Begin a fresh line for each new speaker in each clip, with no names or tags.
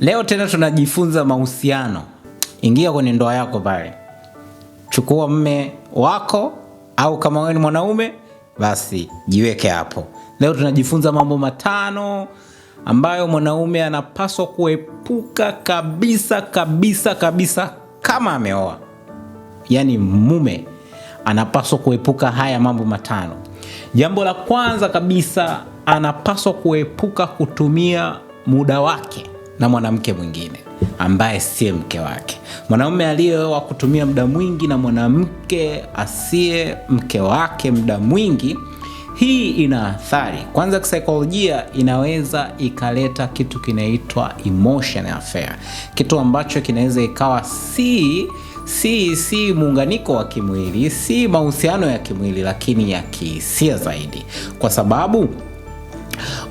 Leo tena tunajifunza mahusiano. Ingia kwenye ndoa yako pale, chukua mme wako, au kama wewe ni mwanaume basi jiweke hapo. Leo tunajifunza mambo matano ambayo mwanaume anapaswa kuepuka kabisa kabisa kabisa kama ameoa. Yaani mume anapaswa kuepuka haya mambo matano. Jambo la kwanza kabisa, anapaswa kuepuka kutumia muda wake na mwanamke mwingine ambaye siye mke wake, mwanaume aliyeoa kutumia muda mwingi na mwanamke asiye mke wake muda mwingi. Hii ina athari kwanza, kisaikolojia inaweza ikaleta kitu kinaitwa emotion affair, kitu ambacho kinaweza ikawa si si si muunganiko wa kimwili, si mahusiano ya kimwili, lakini ya kihisia zaidi, kwa sababu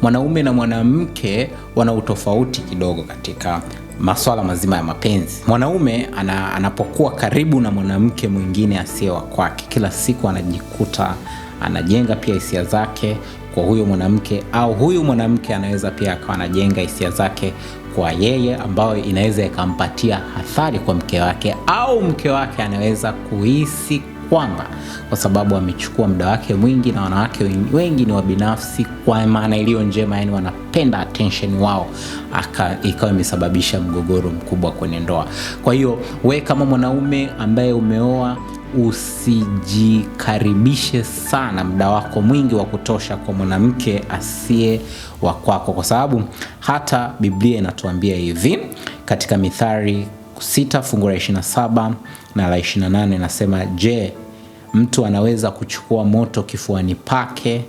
mwanaume na mwanamke wana utofauti kidogo katika masuala mazima ya mapenzi. Mwanaume ana, anapokuwa karibu na mwanamke mwingine asiye wa kwake, kila siku anajikuta anajenga pia hisia zake kwa huyo mwanamke, au huyu mwanamke anaweza pia akawa anajenga hisia zake kwa yeye, ambayo inaweza ikampatia hathari kwa mke wake, au mke wake anaweza kuhisi kwamba kwa sababu amechukua muda wake mwingi, na wanawake wengi ni wabinafsi kwa maana iliyo njema, yani wanapenda attention wao, ikawa imesababisha mgogoro mkubwa kwenye ndoa. Kwa hiyo we kama mwanaume ambaye umeoa usijikaribishe sana muda wako mwingi wa kutosha kwa mwanamke asiye wa kwako, kwa sababu hata Biblia inatuambia hivi katika Mithali sita fungu la 27 na la 28, nasema je, mtu anaweza kuchukua moto kifuani pake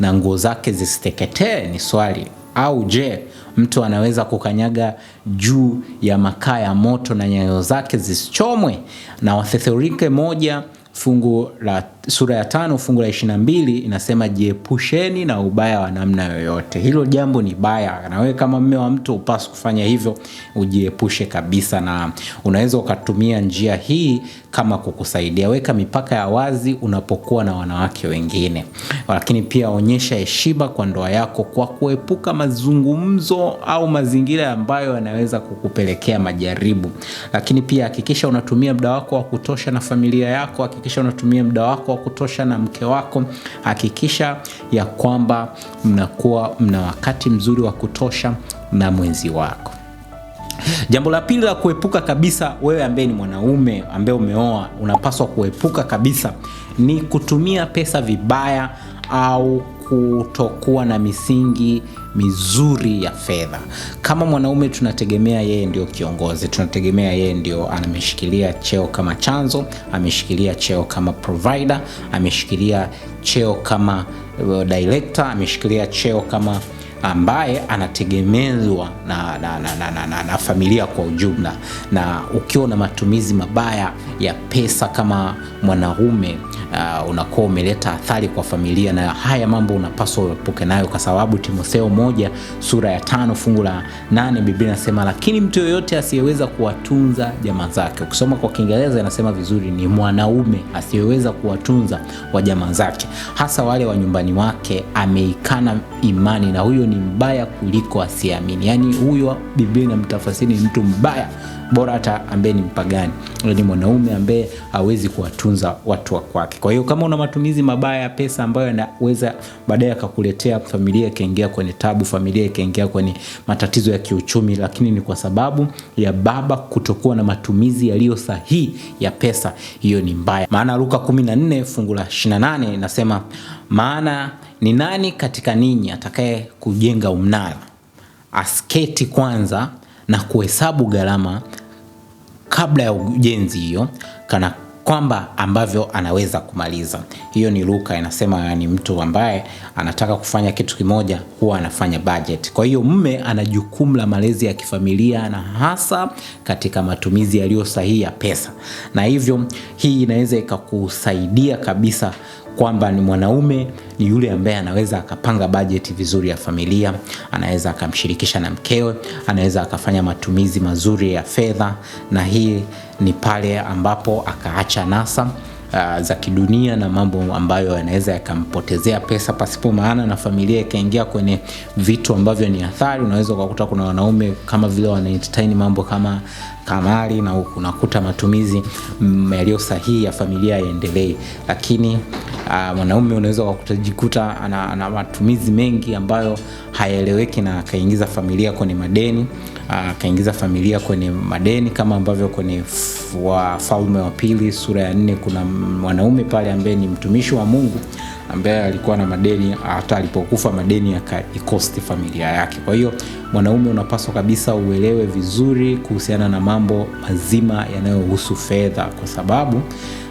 na nguo zake zisiteketee? Ni swali. Au je, mtu anaweza kukanyaga juu ya makaa ya moto na nyayo zake zisichomwe? Na wathethorike moja fungu la sura ya tano fungu la ishirini na mbili inasema jiepusheni na ubaya wa namna yoyote. Hilo jambo ni baya, na wewe kama mme wa mtu upasu kufanya hivyo, ujiepushe kabisa, na unaweza ukatumia njia hii kama kukusaidia. Weka mipaka ya wazi unapokuwa na wanawake wengine, lakini pia onyesha heshima kwa ndoa yako kwa kuepuka mazungumzo au mazingira ambayo yanaweza kukupelekea majaribu. Lakini pia hakikisha unatumia muda wako wa kutosha na familia yako hakikisha unatumia muda wako wa kutosha na mke wako. Hakikisha ya kwamba mnakuwa mna wakati mzuri wa kutosha na mwenzi wako. Jambo la pili la kuepuka kabisa, wewe ambaye ni mwanaume ambaye umeoa, unapaswa kuepuka kabisa ni kutumia pesa vibaya au kutokuwa na misingi mizuri ya fedha. Kama mwanaume tunategemea yeye ndio kiongozi, tunategemea yeye ndio ameshikilia cheo kama chanzo, ameshikilia cheo kama provider, ameshikilia cheo kama uh, director, ameshikilia cheo kama ambaye anategemezwa na, na, na, na, na, na familia kwa ujumla. Na ukiwa na matumizi mabaya ya pesa kama mwanaume uh, unakuwa umeleta athari kwa familia, na haya mambo unapaswa uepuke nayo, kwa sababu Timotheo moja sura ya tano fungu la nane Biblia inasema, lakini mtu yoyote asiyeweza kuwatunza jamaa zake, ukisoma kwa Kiingereza inasema vizuri, ni mwanaume asiyeweza kuwatunza wa jamaa zake, hasa wale wa nyumbani wake, ameikana imani, na huyo ni mbaya kuliko asiamini Yani huyo Biblia inamtafasiri ni mtu mbaya bora hata ambaye ni mpagani, ni mwanaume ambaye hawezi kuwatunza watu wa kwake. Kwa hiyo kama una matumizi mabaya ya pesa ambayo yanaweza baadaye yakakuletea familia ikaingia kwenye tabu, familia ikaingia kwenye matatizo ya kiuchumi, lakini ni kwa sababu ya baba kutokuwa na matumizi yaliyo sahihi ya pesa, hiyo ni mbaya. Maana Luka 14 fungu la 28 inasema, maana ni nani katika ninyi atakaye kujenga umnara asketi kwanza na kuhesabu gharama kabla ya ujenzi hiyo kana kwamba ambavyo anaweza kumaliza. Hiyo ni Luka inasema ni mtu ambaye anataka kufanya kitu kimoja huwa anafanya budget. Kwa hiyo mme ana jukumu la malezi ya kifamilia na hasa katika matumizi yaliyo sahihi ya pesa, na hivyo hii inaweza ikakusaidia kabisa kwamba ni mwanaume ni yule ambaye anaweza akapanga bajeti vizuri ya familia, anaweza akamshirikisha na mkewe, anaweza akafanya matumizi mazuri ya fedha, na hii ni pale ambapo akaacha nasa uh, za kidunia na mambo ambayo yanaweza yakampotezea pesa pasipo maana, na familia ikaingia kwenye vitu ambavyo ni athari. Unaweza ukakuta kuna wanaume kama vile wana entertain mambo kama kamari na unakuta matumizi mm, yaliyo sahihi ya familia yaendelee, lakini uh, mwanaume uh, unaweza ukajikuta ana, ana matumizi mengi ambayo hayaeleweki na akaingiza familia kwenye madeni akaingiza familia kwenye madeni kama ambavyo kwenye Wafalme wa Pili sura ya nne kuna mwanaume pale ambaye ni mtumishi wa Mungu ambaye alikuwa na madeni, hata alipokufa madeni yakaikosti familia yake. Kwa hiyo mwanaume, unapaswa kabisa uelewe vizuri kuhusiana na mambo mazima yanayohusu fedha, kwa sababu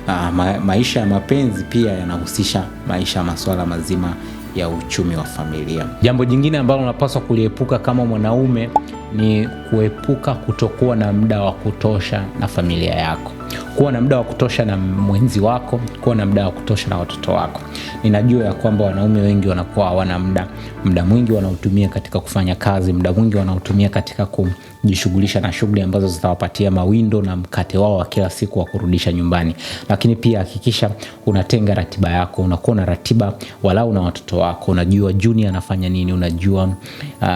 aa, ah, ma maisha ya mapenzi pia yanahusisha maisha, masuala mazima ya uchumi wa familia. Jambo jingine ambalo unapaswa kuliepuka kama mwanaume ni kuepuka kutokuwa na muda wa kutosha na familia yako, kuwa na muda wa kutosha na mwenzi wako, kuwa na muda wa kutosha na watoto wako. Ninajua ya kwamba wanaume wengi wanakuwa hawana muda, muda mwingi wanautumia katika kufanya kazi, muda mwingi wanautumia katika kujishughulisha na shughuli ambazo zitawapatia mawindo na mkate wao wa kila siku wa kurudisha nyumbani. Lakini pia hakikisha unatenga ratiba yako, unakuwa na ratiba walau na watoto wako, unajua Juni anafanya nini, unajua uh,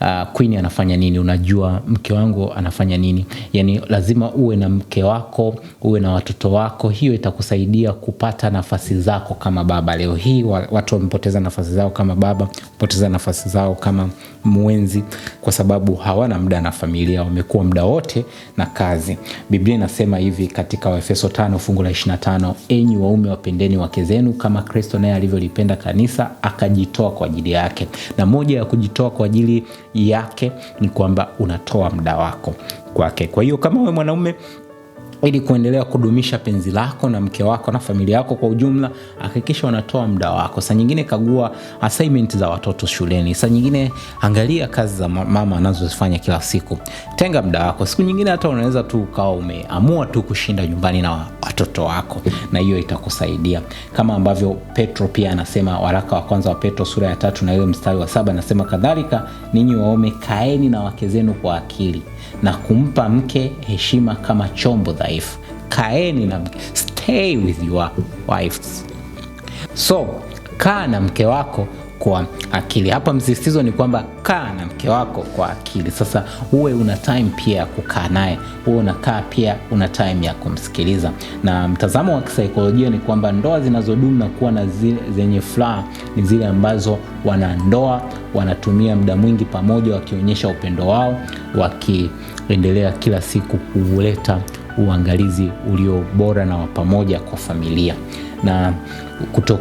uh, Queen anafanya nini, unajua mke wangu anafanya nini. Yani lazima uwe na mke wako, uwe na watoto wako. Hiyo itakusaidia kupata nafasi zako kama baba. Leo hii watu wamepoteza nafasi zao kama baba, poteza nafasi zao kama mwenzi, kwa sababu hawana muda na familia, wamekuwa muda wote na kazi. Biblia inasema hivi katika Waefeso tano fungu la 25, enyi waume wapendeni wake zenu kama Kristo naye alivyolipenda kanisa akajitoa kwa ajili yake. Na moja ya kujitoa kwa ajili yake ni kwamba unatoa muda wako kwake. Kwa hiyo kama we mwanaume ili kuendelea kudumisha penzi lako na mke wako na familia yako kwa ujumla, hakikisha unatoa muda wako. Saa nyingine kagua assignment za watoto shuleni, saa nyingine angalia kazi za mama anazozifanya kila siku, tenga muda wako. Siku nyingine hata unaweza tu ukawa umeamua tu kushinda nyumbani na watoto wako, na hiyo itakusaidia kama ambavyo Petro pia anasema, waraka wa kwanza wa Petro sura ya tatu na ile mstari wa saba anasema, kadhalika ninyi waume kaeni na wake zenu kwa akili na kumpa mke heshima kama chombo dhaifu wife. Kaeni na mke, stay with your wives. So kaa na mke wako kwa akili. Hapa msisitizo ni kwamba kaa na mke wako kwa akili. Sasa uwe una time pia ya kukaa naye, uwe unakaa pia una time ya kumsikiliza. Na mtazamo wa kisaikolojia ni kwamba ndoa zinazodumu na kuwa na zile zenye furaha ni zile ambazo wanandoa wanatumia muda mwingi pamoja, wakionyesha upendo wao, wakiendelea kila siku kuleta uangalizi ulio bora na wa pamoja kwa familia na kuto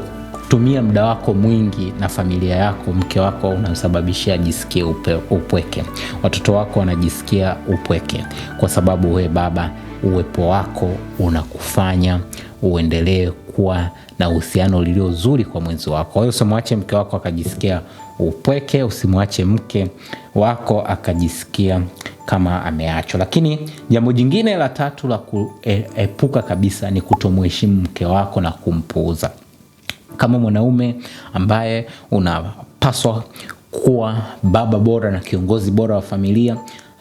tumia muda wako mwingi na familia yako, mke wako unasababishia ajisikie upweke, watoto wako wanajisikia upweke, kwa sababu we baba, uwepo wako unakufanya uendelee kuwa na uhusiano lilio zuri kwa mwenzi wako. Kwa hiyo usimwache mke wako akajisikia upweke, usimwache mke wako akajisikia kama ameachwa. Lakini jambo jingine la tatu la kuepuka kabisa ni kutomheshimu mke wako na kumpuuza. Kama mwanaume ambaye unapaswa kuwa baba bora na kiongozi bora wa familia,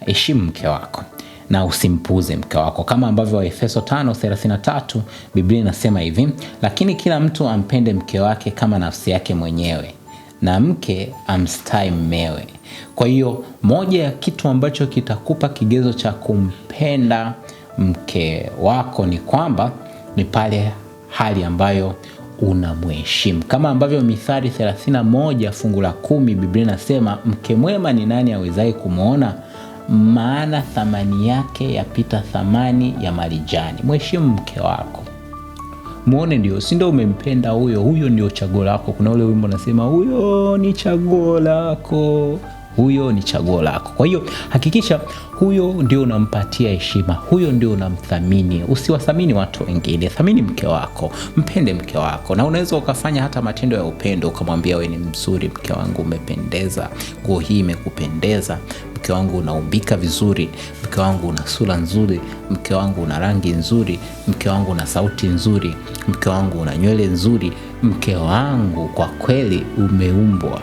heshimu mke wako na usimpuuze mke wako, kama ambavyo Waefeso 5:33 Biblia inasema hivi, lakini kila mtu ampende mke wake kama nafsi yake mwenyewe na mke amstai mmewe. Kwa hiyo moja ya kitu ambacho kitakupa kigezo cha kumpenda mke wako ni kwamba ni pale hali ambayo unamheshimu, kama ambavyo Mithali 31 fungu la kumi Biblia inasema mke mwema ni nani awezaye kumwona, maana thamani yake yapita thamani ya marijani. Mheshimu mke wako muone, ndio si ndio umempenda huyo, huyo ndio chaguo lako. Kuna ule wimbo nasema, huyo ni chaguo lako huyo ni chaguo lako. Kwa hiyo hakikisha huyo ndio unampatia heshima, huyo ndio unamthamini. Usiwathamini watu wengine, thamini mke wako, mpende mke wako, na unaweza ukafanya hata matendo ya upendo, ukamwambia we ni mzuri mke wangu, umependeza, nguo hii imekupendeza, mke wangu unaumbika vizuri, mke wangu una sura nzuri, mke wangu una rangi nzuri, mke wangu una sauti nzuri, mke wangu una nywele nzuri, mke wangu kwa kweli umeumbwa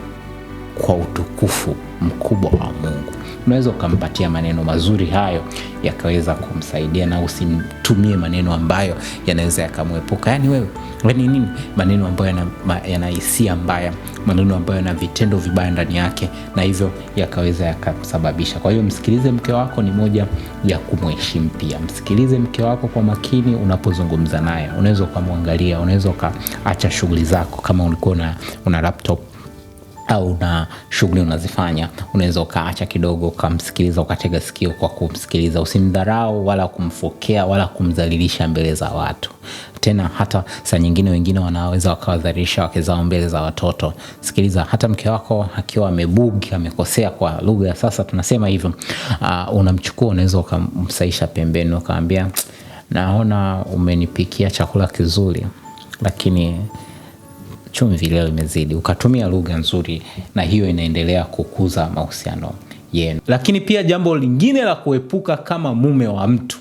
kwa utukufu mkubwa wa Mungu unaweza ukampatia maneno mazuri hayo yakaweza kumsaidia, na usimtumie maneno ambayo yanaweza yakamwepuka. Yani wewe ni yaani nini, maneno ambayo yana hisia mbaya, maneno ambayo yana vitendo vibaya ndani yake, na hivyo yakaweza yakamsababisha. Kwa hiyo msikilize mke wako, ni moja ya kumheshimu pia. Msikilize mke wako kwa makini unapozungumza naye, unaweza ukamwangalia, unaweza ukaacha shughuli zako kama ulikuwa una laptop au na shughuli unazifanya, unaweza ukaacha kidogo ukamsikiliza, ukatega sikio kwa kumsikiliza. Usimdharau wala kumfokea wala kumdhalilisha mbele za watu. Tena hata saa nyingine wengine wanaweza wakawadhalilisha wake zao mbele za watoto. Sikiliza, hata mke wako akiwa amebugi, amekosea kwa lugha ya sasa tunasema hivyo, uh, unamchukua unaweza ukamsaisha pembeni, ukaambia naona umenipikia chakula kizuri, lakini chumvi leo imezidi, ukatumia lugha nzuri, na hiyo inaendelea kukuza mahusiano yenu. Lakini pia jambo lingine la kuepuka, kama mume wa mtu,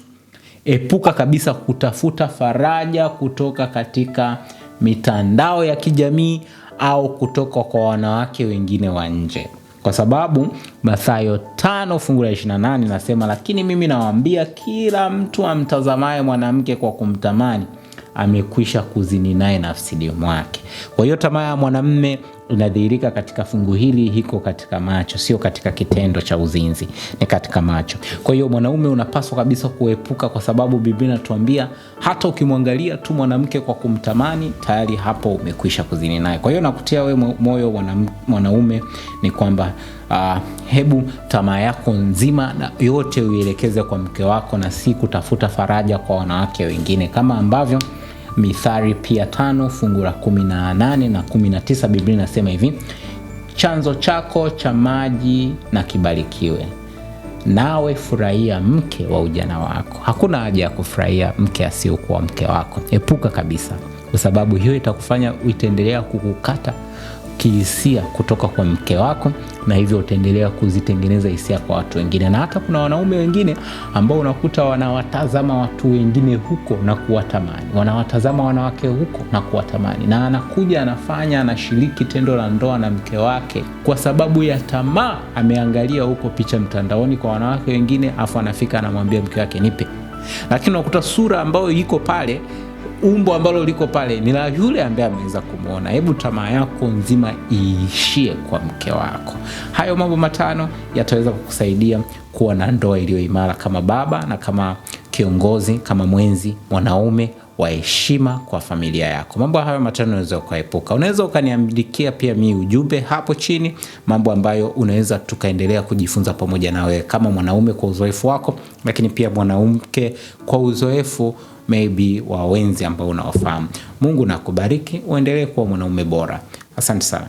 epuka kabisa kutafuta faraja kutoka katika mitandao ya kijamii au kutoka kwa wanawake wengine wa nje, kwa sababu Mathayo tano fungu la 28 nasema, lakini mimi nawaambia kila mtu amtazamaye mwanamke kwa kumtamani amekwisha kuzini naye nafsini mwake. Kwa hiyo tamaa ya mwanamme inadhihirika katika fungu hili, hiko katika macho, sio katika kitendo cha uzinzi, ni katika macho. Kwa hiyo mwanaume unapaswa kabisa kuepuka, kwa sababu Biblia inatuambia hata ukimwangalia tu mwanamke kwa kumtamani, tayari hapo umekwisha kuzini naye. Kwa hiyo nakutia we moyo mwanaume ni kwamba Uh, hebu tamaa yako nzima na yote uielekeze kwa mke wako na si kutafuta faraja kwa wanawake wengine kama ambavyo mithari pia tano fungu la 18 na 19, Biblia inasema hivi, chanzo chako cha maji na kibarikiwe, nawe furahia mke wa ujana wako. Hakuna haja ya kufurahia mke asiyokuwa mke wako, epuka kabisa, kwa sababu hiyo itakufanya itaendelea kukukata kihisia kutoka kwa mke wako, na hivyo utaendelea kuzitengeneza hisia kwa watu wengine. Na hata kuna wanaume wengine ambao unakuta wanawatazama watu wengine huko na kuwatamani, wanawatazama wanawake huko na kuwatamani, na anakuja anafanya, anashiriki tendo la ndoa na mke wake kwa sababu ya tamaa. Ameangalia huko picha mtandaoni kwa wanawake wengine, afu anafika anamwambia mke wake nipe, lakini unakuta sura ambayo iko pale umbo ambalo liko pale ni la yule ambaye ameweza kumwona. Hebu tamaa yako nzima iishie kwa mke wako. Hayo mambo matano yataweza kukusaidia kuwa na ndoa iliyo imara, kama baba na kama kiongozi, kama mwenzi mwanaume wa heshima kwa familia yako. Mambo hayo matano unaweza ukaepuka. Unaweza ukaniandikia pia mi ujumbe hapo chini, mambo ambayo unaweza tukaendelea kujifunza pamoja na wewe, kama mwanaume kwa uzoefu wako, lakini pia mwanamke kwa uzoefu maybe wa wenzi ambao unawafahamu. Mungu nakubariki, uendelee kuwa mwanaume bora. Asante sana.